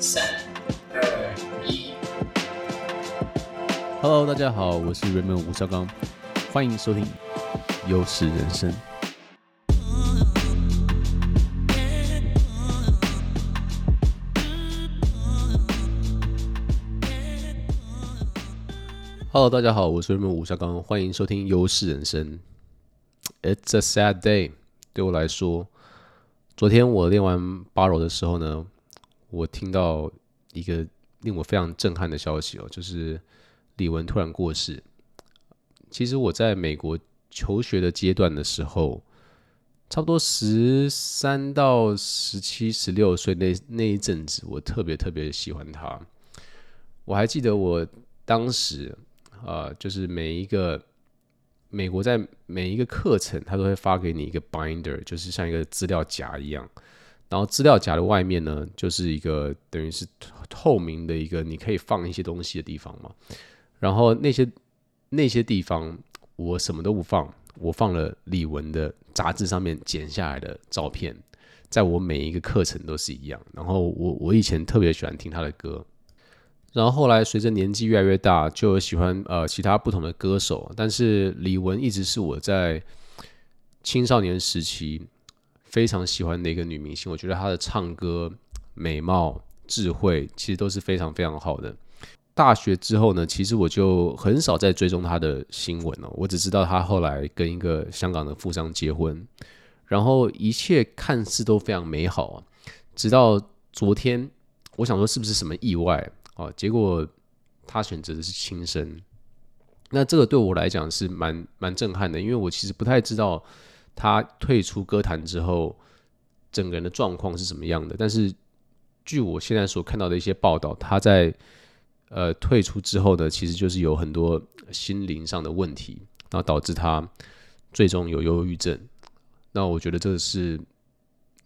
三二一，哈嘍，Hello, 大家好，我是 Raymond 吳紹剛，歡迎收聽《優勢人生》。哈嘍，大家好，我是 Raymond 吳紹剛，歡迎收聽《優勢人生》。It's a sad day，對我來說，昨天我練完八柔的時候呢，我聽到一個令我非常震撼的消息哦、喔，就是李玟突然過世。其實我在美國求學的階段的時候，差不多十三到十七、十六歲那那一陣子，我特別特別喜歡他。我還記得我當時，啊、呃，就是每一個美國在每一個課程，他都會發給你一個 binder，就是像一個資料夾一樣。然後資料夾的外面呢，就是一個等於是透明的一個，你可以放一些東西的地方嘛。然後那些那些地方我什麼都不放，我放了李玟的雜誌上面剪下來的照片，在我每一個課程都是一樣。然後我我以前特別喜歡聽他的歌，然後後來隨着年紀越來越大，就喜歡呃其他不同的歌手，但是李玟一直是我在青少年時期。非常喜歡的一個女明星，我覺得她的唱歌、美貌、智慧，其實都是非常非常好的。大學之後呢，其實我就很少再追蹤她的新聞了喔。我只知道她後來跟一個香港的富商結婚，然後一切看似都非常美好啊。直到昨天，我想說是不是什麼意外啊，喔？結果她選擇的是輕生。那這個對我來講是蠻蠻震撼的，因為我其實不太知道。他退出歌壇之後，整個人的狀況是怎麼樣的？但是，據我現在所看到的一些報道，他在呃退出之後呢，其實就是有很多心靈上的問題，然後導致他最終有憂鬱症。那我覺得這是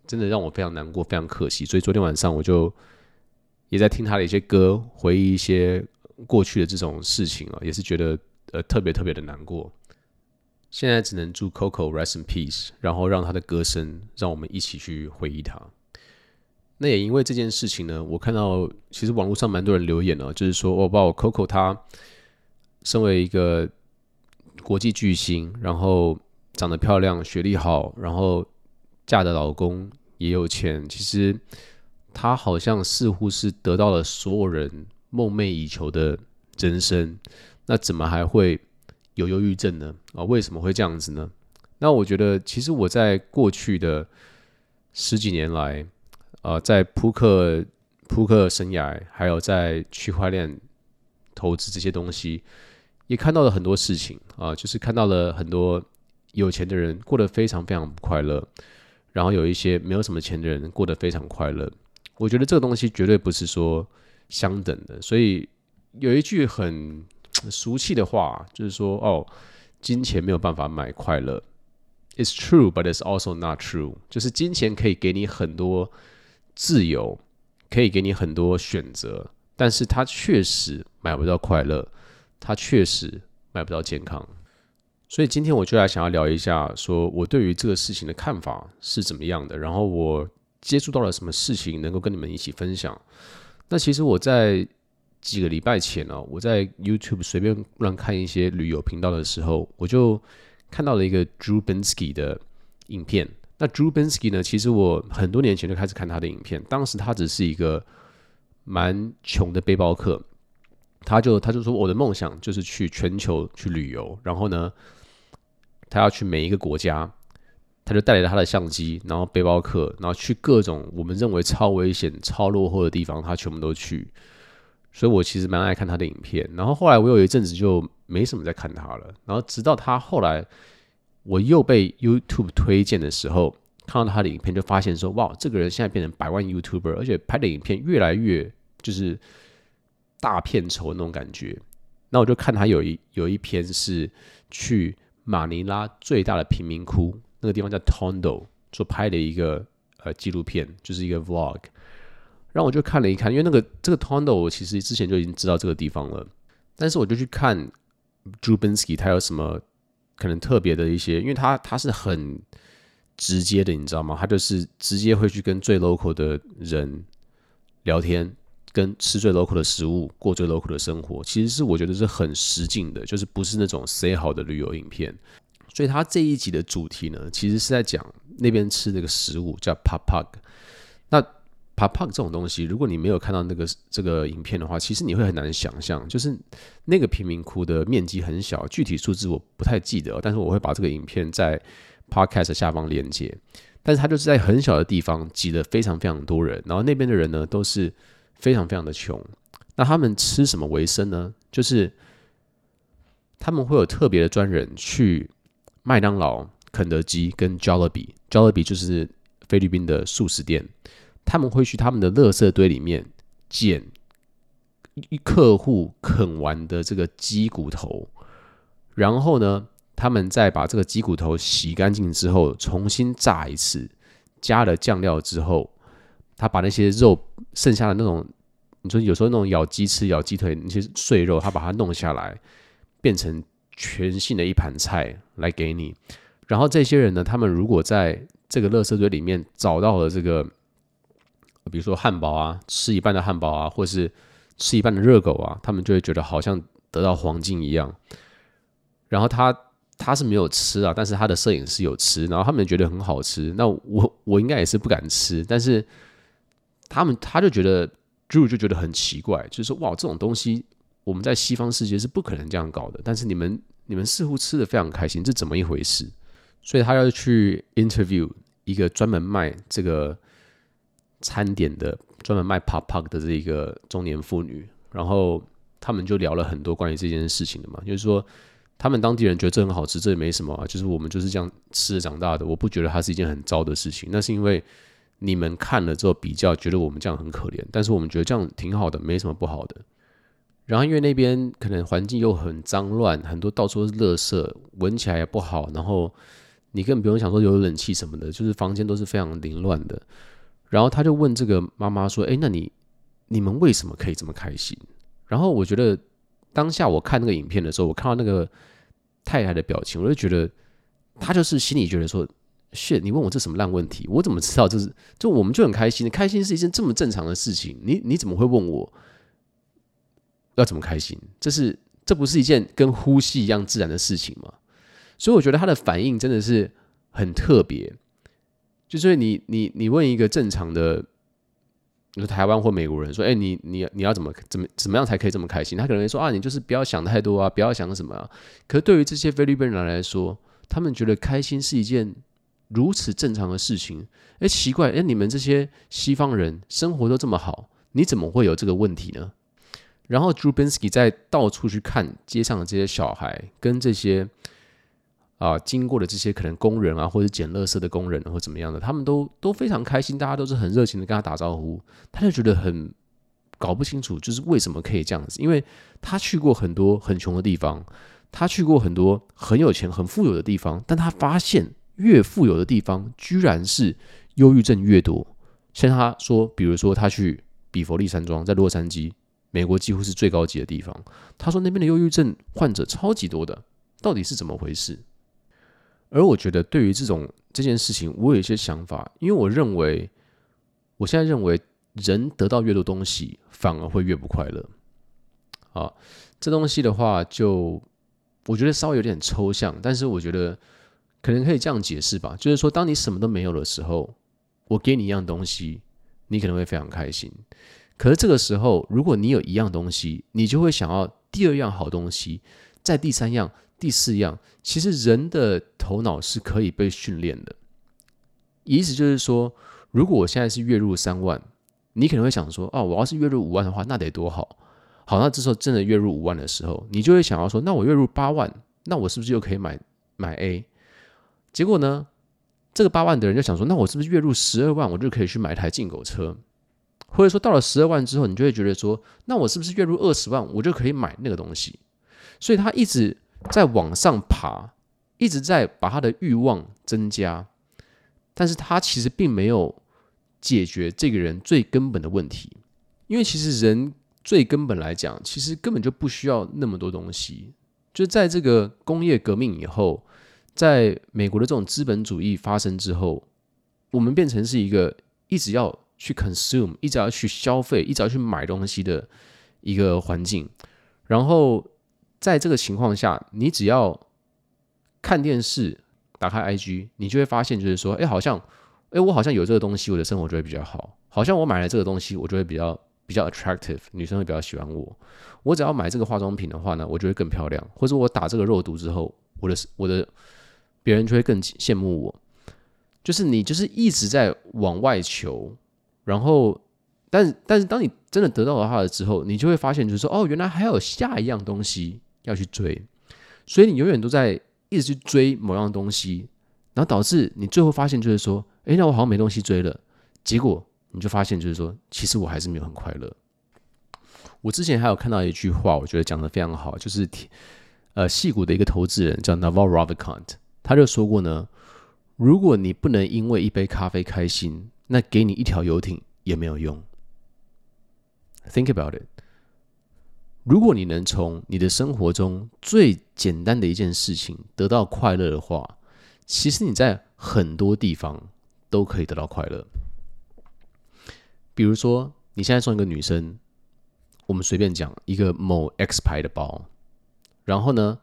真的讓我非常難過，非常可惜。所以昨天晚上我就也在聽他的一些歌，回憶一些過去的這種事情啊，也是覺得呃特別特別的難過。現在只能祝 Coco rest in peace，然後讓她的歌聲讓我們一起去回憶她。那也因為這件事情呢，我看到其實網絡上蠻多人留言哦、啊，就是說哦，包括 Coco 她身為一個國際巨星，然後長得漂亮、學歷好，然後嫁的老公也有錢，其實她好像似乎是得到了所有人夢寐以求的人生，那怎麼還會？有憂鬱症呢？啊，為什麼會這樣子呢？那我覺得，其實我在過去的十幾年來，啊，在撲克、撲克生涯，還有在區塊鏈投資這些東西，也看到了很多事情啊，就是看到了很多有錢的人過得非常非常不快樂，然後有一些沒有什麼錢的人過得非常快樂。我覺得這個東西絕對不是說相等的，所以有一句很。俗氣的話，就是說哦，金錢沒有辦法買快樂。It's true, but it's also not true。就是金錢可以給你很多自由，可以給你很多選擇，但是它確實買不到快樂，它確實買不到健康。所以今天我就來想要聊一下，說我對於這個事情的看法是怎麼樣的，然後我接觸到了什麼事情能夠跟你們一起分享。那其實我在。幾個禮拜前哦，我在 YouTube 隨便亂看一些旅遊頻道的時候，我就看到了一個 Drew Binsky 的影片。那 Drew Binsky 呢？其實我很多年前就開始看他的影片，當時他只是一個蠻窮的背包客，他就他就說，我的夢想就是去全球去旅遊，然後呢，他要去每一個國家，他就帶來了他的相機，然後背包客，然後去各種我們認為超危險、超落後的地方，他全部都去。所以我其實蠻愛看他的影片，然後後來我有一陣子就沒什麼再看他了，然後直到他後來我又被 YouTube 推薦的時候，看到他的影片，就發現說哇，這個人現在變成百萬 YouTuber，而且拍的影片越來越就是大片酬那種感覺。那我就看他有一有一篇是去馬尼拉最大的貧民窟，那個地方叫 Tondo 所拍的一個呃紀錄片，就是一個 Vlog。然後我就看了一看，因為那個這個 Tondo 我其實之前就已經知道這個地方了，但是我就去看 Drew Binsky 他有什麼可能特別的一些，因為他他是很直接的，你知道嗎？他就是直接會去跟最 local 的人聊天，跟吃最 local 的食物，過最 local 的生活，其實是我覺得是很實景的，就是不是那種 say 好的旅遊影片。所以他這一集的主題呢，其實是在講那邊吃這個食物叫 pagpag Papak 這種東西，如果你沒有看到那個這個影片的話，其實你會很難想象，就是那個貧民窟的面積很小，具體數字我不太記得哦，但是我會把這個影片在 Podcast 的下方連接。但是它就是在很小的地方擠了非常非常多人，然後那邊的人呢都是非常非常的窮。那他們吃什麼為生呢？就是他們會有特別的專人去麥當勞、肯德基跟 Jollibee，Jollibee 就是菲律賓的速食店。他們會去他們的垃圾堆裡面撿客戶啃完的這個雞骨頭，然後呢，他們再把這個雞骨頭洗乾淨之後，重新炸一次，加了醬料之後，他把那些肉剩下的那種，你說有時候那種咬雞翅、咬雞腿那些碎肉，他把它弄下來，變成全新的一盤菜來給你。然後這些人呢，他們如果在這個垃圾堆裡面找到了這個。比如說漢堡啊，吃一半的漢堡啊，或是吃一半的熱狗啊，他們就會覺得好像得到黃金一樣。然後他他是沒有吃啊，但是他的攝影師有吃，然後他們覺得很好吃。那我我應該也是不敢吃，但是他們他就覺得 Drew 就覺得很奇怪，就是說哇，這種東西我們在西方世界是不可能這樣搞的，但是你們你們似乎吃得非常開心，這怎麼一回事？所以他要去 interview 一個專門賣這個。餐點的專門賣 p 啪 p 的這一個中年婦女，然後他們就聊了很多關於這件事情的嘛，就是說他們當地人覺得這很好吃，這也沒什麼啊，就是我們就是這樣吃着長大的，我不覺得它是一件很糟的事情。那是因為你們看了之後比較覺得我們這樣很可憐，但是我們覺得這樣挺好的，沒什麼不好的。然後因為那邊可能環境又很髒亂，很多到處都是垃圾，聞起來也不好。然後你更不用想說有冷氣什麼的，就是房間都是非常凌亂的。然後他就問這個媽媽說：“哎，那你你們為什麼可以這麼開心？”然後我覺得當下我看那個影片的時候，我看到那個太太的表情，我就覺得她就是心裡覺得說：“Shit，你問我這什麼爛問題？我怎麼知道這是？就我們就很開心，開心是一件這麼正常的事情。你你怎麼會問我要怎麼開心？這是這不是一件跟呼吸一樣自然的事情嗎？”所以我覺得他的反應真的是很特別。就所以你你你問一個正常的，你說台灣或美國人說，哎、欸，你你你要怎麼怎麼怎麼樣才可以這麼開心？他可能會說啊，你就是不要想太多啊，不要想什麼啊。可是對於這些菲律賓人來說，他們覺得開心是一件如此正常的事情。哎、欸，奇怪，哎、欸，你們這些西方人生活都這麼好，你怎麼會有這個問題呢？然後 Drew Binsky 在到處去看街上的這些小孩跟這些。啊，經過的這些可能工人啊，或者撿垃圾的工人，或怎麼樣的，他們都都非常開心，大家都是很熱情的跟他打招呼，他就覺得很搞不清楚，就是為什麼可以這樣子？因為他去過很多很窮的地方，他去過很多很有錢、很富有的地方，但他發現越富有的地方，居然是憂鬱症越多。像他說，比如說他去比佛利山莊，在洛杉磯，美國幾乎是最高級的地方，他說那邊的憂鬱症患者超級多的，到底是怎麼回事？而我覺得，對於這種這件事情，我有一些想法，因為我認為，我現在認為，人得到越多東西，反而會越不快樂。好，這東西的話就，就我覺得稍微有點抽象，但是我覺得可能可以這樣解釋吧，就是說，當你什麼都沒有的時候，我給你一樣東西，你可能會非常開心。可是這個時候，如果你有一樣東西，你就會想要第二樣好東西，再第三樣。第四樣，其實人的頭腦是可以被訓練的，意思就是說，如果我現在是月入三萬，你可能會想說，哦，我要是月入五萬的話，那得多好，好，那這時候真的月入五萬的時候，你就會想要說，那我月入八萬，那我是不是又可以買買 A？結果呢，這個八萬的人就想說，那我是不是月入十二萬，我就可以去買一台進口車？或者說到了十二萬之後，你就會覺得說，那我是不是月入二十萬，我就可以買那個東西？所以他一直。在往上爬，一直在把他的慾望增加，但是他其實並沒有解決這個人最根本的問題，因為其實人最根本來講，其實根本就不需要那麼多東西。就在這個工業革命以後，在美國的這種資本主義發生之後，我們變成是一個一直要去 consume，一直要去消費，一直要去買東西的一個環境。然後。在這個情況下，你只要看電視、打開 IG，你就會發現，就是說，哎，好像，哎，我好像有這個東西，我的生活就會比較好。好像我買了這個東西，我就會比較比較 attractive，女生會比較喜歡我。我只要買這個化妝品的話呢，我就會更漂亮。或者，我打這個肉毒之後，我的我的別人就會更羨慕我。就是你就是一直在往外求，然後，但但是當你真的得到了它了之後，你就會發現，就是說，哦，原來還有下一樣東西。要去追，所以你永遠都在一直去追某樣東西，然後導致你最後發現就是說，哎、欸，那我好像沒東西追了。結果你就發現就是說，其實我還是沒有很快樂。我之前還有看到一句話，我覺得講得非常好，就是呃，矽谷的一個投資人叫 Naval Ravikant，他就說過呢，如果你不能因為一杯咖啡開心，那給你一條遊艇也沒有用。Think about it. 如果你能從你的生活中最簡單的一件事情得到快樂的話，其實你在很多地方都可以得到快樂。比如說，你現在送一個女生，我們隨便講一個某 X 牌的包，然後呢，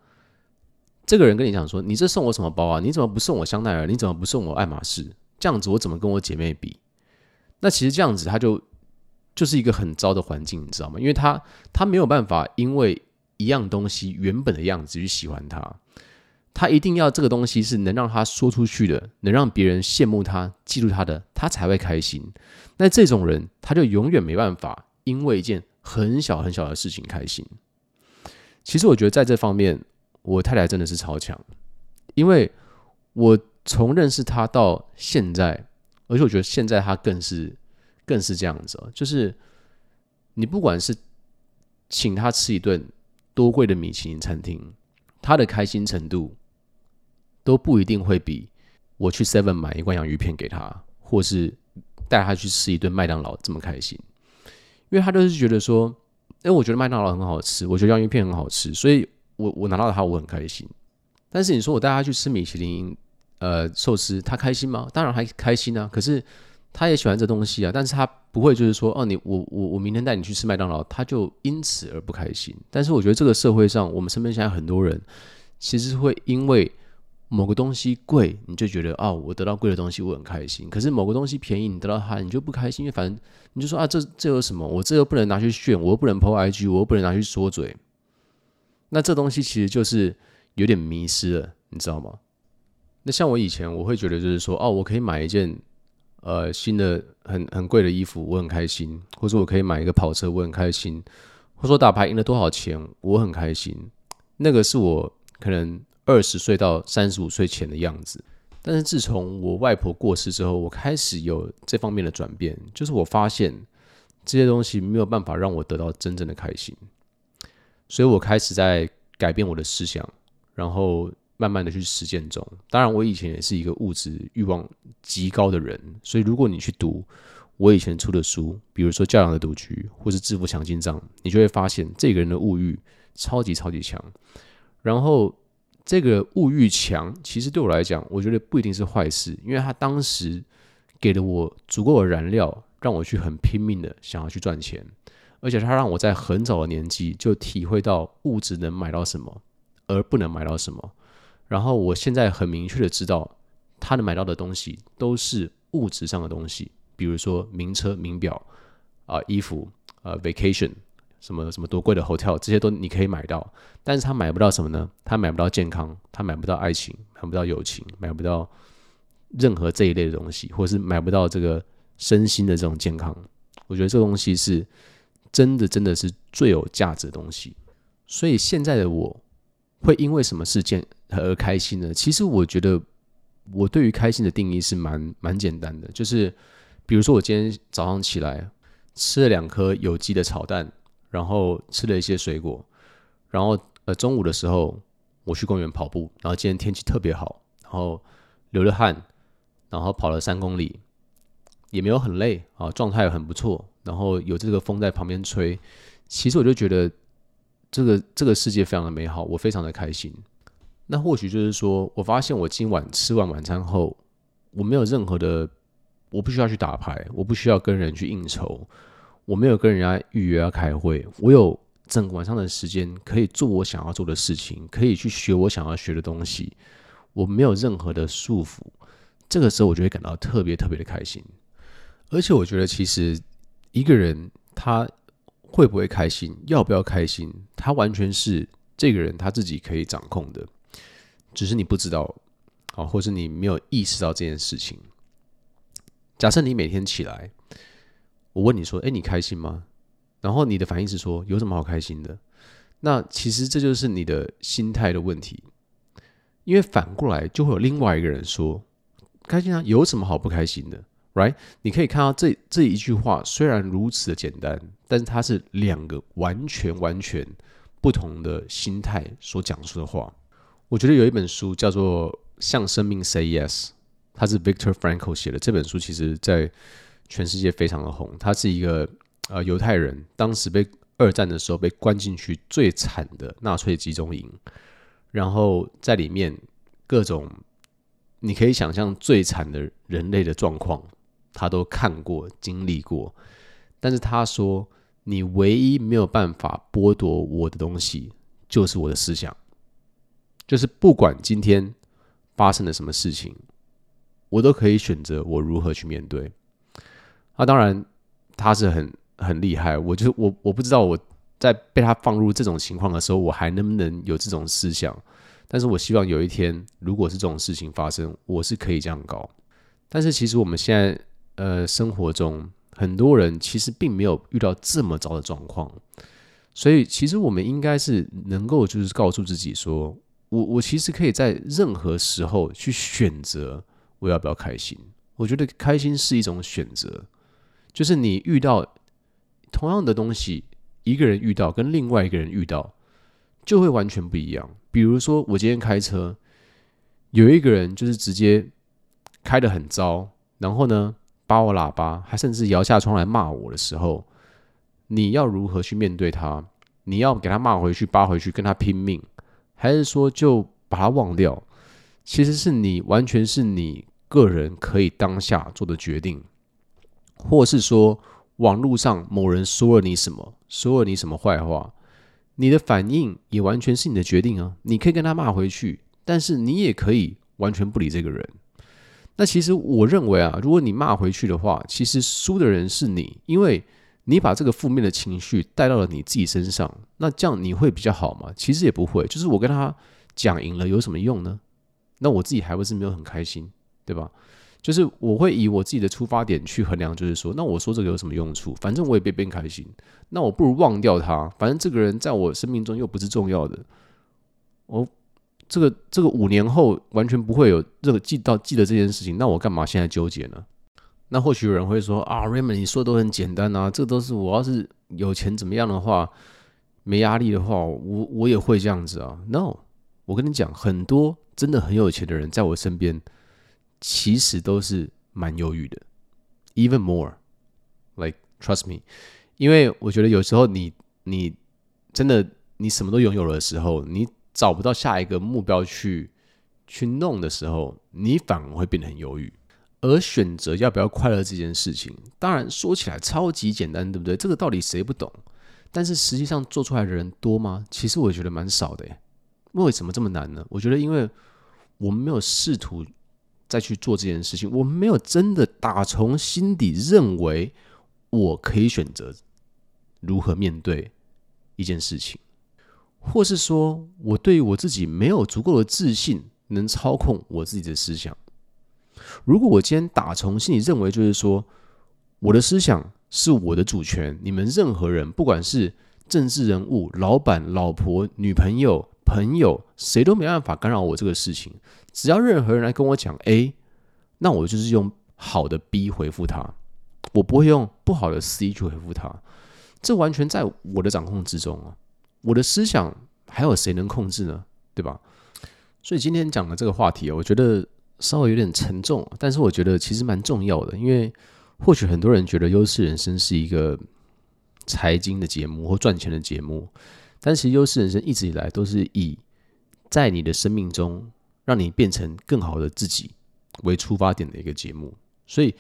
這個人跟你講說：“你這送我什麼包啊？你怎麼不送我香奈兒？你怎麼不送我愛馬仕？這樣子我怎麼跟我姐妹比？”那其實這樣子他就。就是一個很糟的環境，你知道嗎？因為他他沒有辦法，因為一樣東西原本的樣子去喜歡他。他一定要這個東西是能讓他說出去的，能讓別人羨慕他、嫉妒他的，他才會開心。那這種人，他就永遠沒辦法因為一件很小很小的事情開心。其實我覺得在這方面，我太太真的是超強，因為我從認識她到現在，而且我覺得現在她更是。更是這樣子，喔，就是你不管是請他吃一頓多貴的米其林餐廳，他的開心程度都不一定會比我去 seven 買一罐洋芋片給他，或是帶他去吃一頓麥當勞這麼開心。因為他就是覺得說，哎、欸，我覺得麥當勞很好吃，我覺得洋芋片很好吃，所以我我拿到它他我很開心。但是你說我帶他去吃米其林呃壽司，他開心嗎？當然還開心啊，可是。他也喜歡這東西啊，但是他不會就是說，哦，你我我我明天帶你去吃麥當勞，他就因此而不開心。但是我覺得這個社會上，我們身邊現在很多人，其實會因為某個東西貴，你就覺得，哦，我得到貴的東西，我很開心。可是某個東西便宜，你得到它，你就不開心，因為反正你就說啊，這這有什麼？我這又不能拿去炫，我又不能 PO IG，我又不能拿去說嘴。那這東西其實就是有點迷失了，你知道嗎？那像我以前，我會覺得就是說，哦，我可以買一件。呃，新的很很貴的衣服，我很開心；或者我可以買一個跑車，我很開心；或者說打牌贏了多少錢，我很開心。那個是我可能二十歲到三十五歲前的樣子。但是自從我外婆過世之後，我開始有這方面的轉變，就是我發現這些東西沒有辦法讓我得到真正的開心，所以我開始在改變我的思想，然後。慢慢的去實踐中，當然我以前也是一個物質慾望極高的人，所以如果你去讀我以前出的書，比如說《教養的賭局》或是《致富強心臟》，你就會發現這個人的物欲超級超級強。然後這個物欲強，其實對我來講，我覺得不一定是壞事，因為他當時給了我足夠的燃料，讓我去很拼命的想要去賺錢，而且他讓我在很早的年紀就體會到物質能買到什麼，而不能買到什麼。然後我現在很明確的知道，他能買到的東西都是物質上的東西，比如說名車、名錶啊、呃、衣服、啊、呃、vacation，什麼什麼多貴的 hotel，這些都你可以買到。但是他買不到什麼呢？他買不到健康，他買不到愛情，買不到友情，買不到任何這一類的東西，或是買不到這個身心的這種健康。我覺得這個東西是真的，真的是最有價值的東西。所以現在的我，會因為什麼事件而開心呢？其實我覺得，我對於開心的定義是蠻蠻簡單的，就是比如說我今天早上起來吃了兩顆有機的炒蛋，然後吃了一些水果，然後呃中午的時候我去公園跑步，然後今天天氣特別好，然後流了汗，然後跑了三公里，也沒有很累啊，狀態很不錯，然後有這個風在旁邊吹，其實我就覺得，這個這個世界非常的美好，我非常的開心。那或許就是說我發現，我今晚吃完晚餐後，我沒有任何的，我不需要去打牌，我不需要跟人去應酬，我沒有跟人家預約要開會，我有整晚上的時間可以做我想要做的事情，可以去學我想要學的東西，我沒有任何的束縛。這個時候我就會感到特別特別的開心。而且我覺得，其實一個人他。會不會開心？要不要開心？他完全是這個人他自己可以掌控的，只是你不知道，啊，或是你沒有意識到這件事情。假設你每天起來，我問你說：“哎，你開心嗎？”然後你的反應是說：“有什麼好開心的？”那其實這就是你的心態的問題，因為反過來就會有另外一個人說：“開心啊，有什麼好不開心的？” Right？你可以看到這這一句話雖然如此的簡單，但是它是兩個完全完全不同的心態所講述的話。我覺得有一本書叫做《向生命 Say Yes》，它是 Victor Frankl 寫的。這本書其實在全世界非常的紅。他是一個呃猶太人，當時被二戰的時候被關進去最慘的納粹集中營，然後在裡面各種你可以想象最慘的人類的狀況。他都看過、經歷過，但是他說：“你唯一沒有辦法剝奪我的東西，就是我的思想，就是不管今天發生了什麼事情，我都可以選擇我如何去面對。”啊，那當然，他是很很厲害，我就我我不知道我在被他放入這種情況的時候，我還能不能有這種思想？但是我希望有一天，如果是這種事情發生，我是可以這樣搞。但是其實我們現在。呃，生活中很多人其實並沒有遇到這麼糟的狀況，所以其實我們應該是能夠就是告訴自己說，我我其實可以在任何時候去選擇我要不要開心。我覺得開心是一種選擇，就是你遇到同樣的東西，一個人遇到跟另外一個人遇到就會完全不一樣。比如說我今天開車，有一個人就是直接開得很糟，然後呢，扒我喇叭，還甚至搖下窗來罵我的時候，你要如何去面對他？你要給他罵回去、扒回去，跟他拼命，還是說就把他忘掉？其實是你完全是你個人可以當下做的決定，或是說網絡上某人說了你什麼，說了你什麼壞話，你的反應也完全是你的決定啊。你可以跟他罵回去，但是你也可以完全不理這個人。那其實我認為啊，如果你罵回去的話，其實輸的人是你，因為你把這個負面的情緒帶到了你自己身上。那這樣你會比較好嗎？其實也不會。就是我跟他講贏了有什麼用呢？那我自己還不是沒有很開心，對吧？就是我會以我自己的出發點去衡量，就是說，那我說這個有什麼用處？反正我也沒變開心。那我不如忘掉他，反正這個人在我生命中又不是重要的。我。這個這個五年後完全不會有這個記到記得這件事情，那我幹嘛現在糾結呢？那或許有人會說啊，Raymond，你說的都很簡單啊，這都是我要是有錢怎麼樣的話，沒壓力的話，我我也會這樣子啊。No，我跟你講，很多真的很有錢的人在我身邊，其實都是蠻憂鬱的，even more，like trust me，因為我覺得有時候你你真的你什麼都擁有的時候，你。找不到下一個目標去去弄的時候，你反而會變得很猶豫。而選擇要不要快樂這件事情，當然說起來超級簡單，對不對？這個道理誰不懂？但是實際上做出來的人多嗎？其實我覺得蠻少的耶。為什麼這麼難呢？我覺得，因為我們沒有試圖再去做這件事情，我們沒有真的打從心底認為我可以選擇如何面對一件事情。或是說，我對於我自己沒有足夠的自信，能操控我自己的思想。如果我今天打從心裡認為，就是說，我的思想是我的主權，你們任何人，不管是政治人物、老闆、老婆、女朋友、朋友，誰都沒辦法干擾我這個事情。只要任何人來跟我講 A，那我就是用好的 B 回復他，我不會用不好的 C 去回復他，這完全在我的掌控之中啊。我的思想還有誰能控制呢？對吧？所以今天講的這個話題啊，我覺得稍微有點沉重，但是我覺得其實蠻重要的。因為或許很多人覺得《優勢人生》是一個財經的節目或賺錢的節目，但是其實《優勢人生》一直以來都是以在你的生命中讓你變成更好的自己為出發點的一個節目。所以，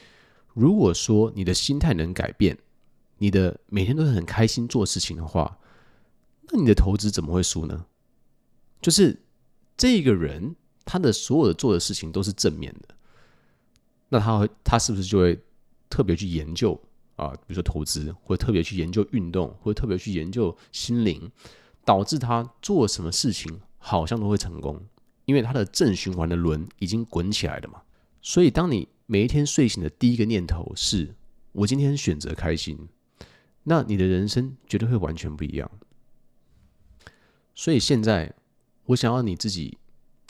如果說你的心態能改變，你的每天都很開心做事情的話。那你的投資怎麼會輸呢？就是這個人他的所有的做的事情都是正面的。那他會，他是不是就會特別去研究啊，呃，比如說投資，或者特別去研究運動，或者特別去研究心靈，導致他做什麼事情好像都會成功，因為他的正循環的輪已經滾起來了嘛。所以，當你每一天睡醒的第一個念頭是我今天選擇開心，那你的人生絕對會完全不一樣。所以現在，我想要你自己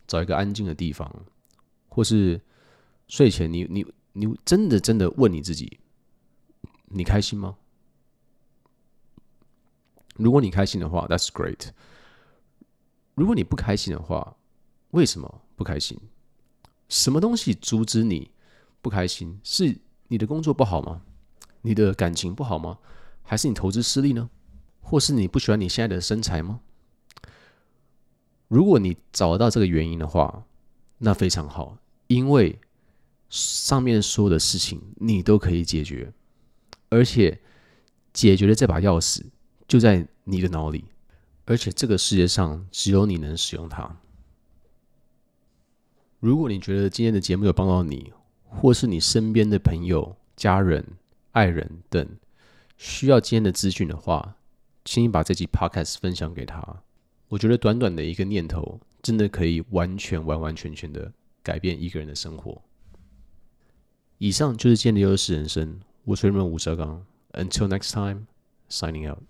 找一個安靜的地方，或是睡前你，你你你真的真的問你自己：你開心嗎？如果你開心的話，That's great。如果你不開心的話，為什麼不開心？什麼東西阻止你不開心？是你的工作不好嗎？你的感情不好嗎？還是你投資失利呢？或是你不喜歡你現在的身材嗎？如果你找到這個原因的話，那非常好，因為上面所有的事情你都可以解決，而且解決的這把鑰匙就在你的腦裡，而且這個世界上只有你能使用它。如果你覺得今天的節目有幫到你，或是你身邊的朋友、家人、愛人等需要今天的資訊的話，請你把這集 Podcast 分享給他。我覺得短短的一個念頭，真的可以完全完完全全的改變一個人的生活。以上就是《建立優勢人生》，我是 Raymond 吳哲剛。Until next time, signing out.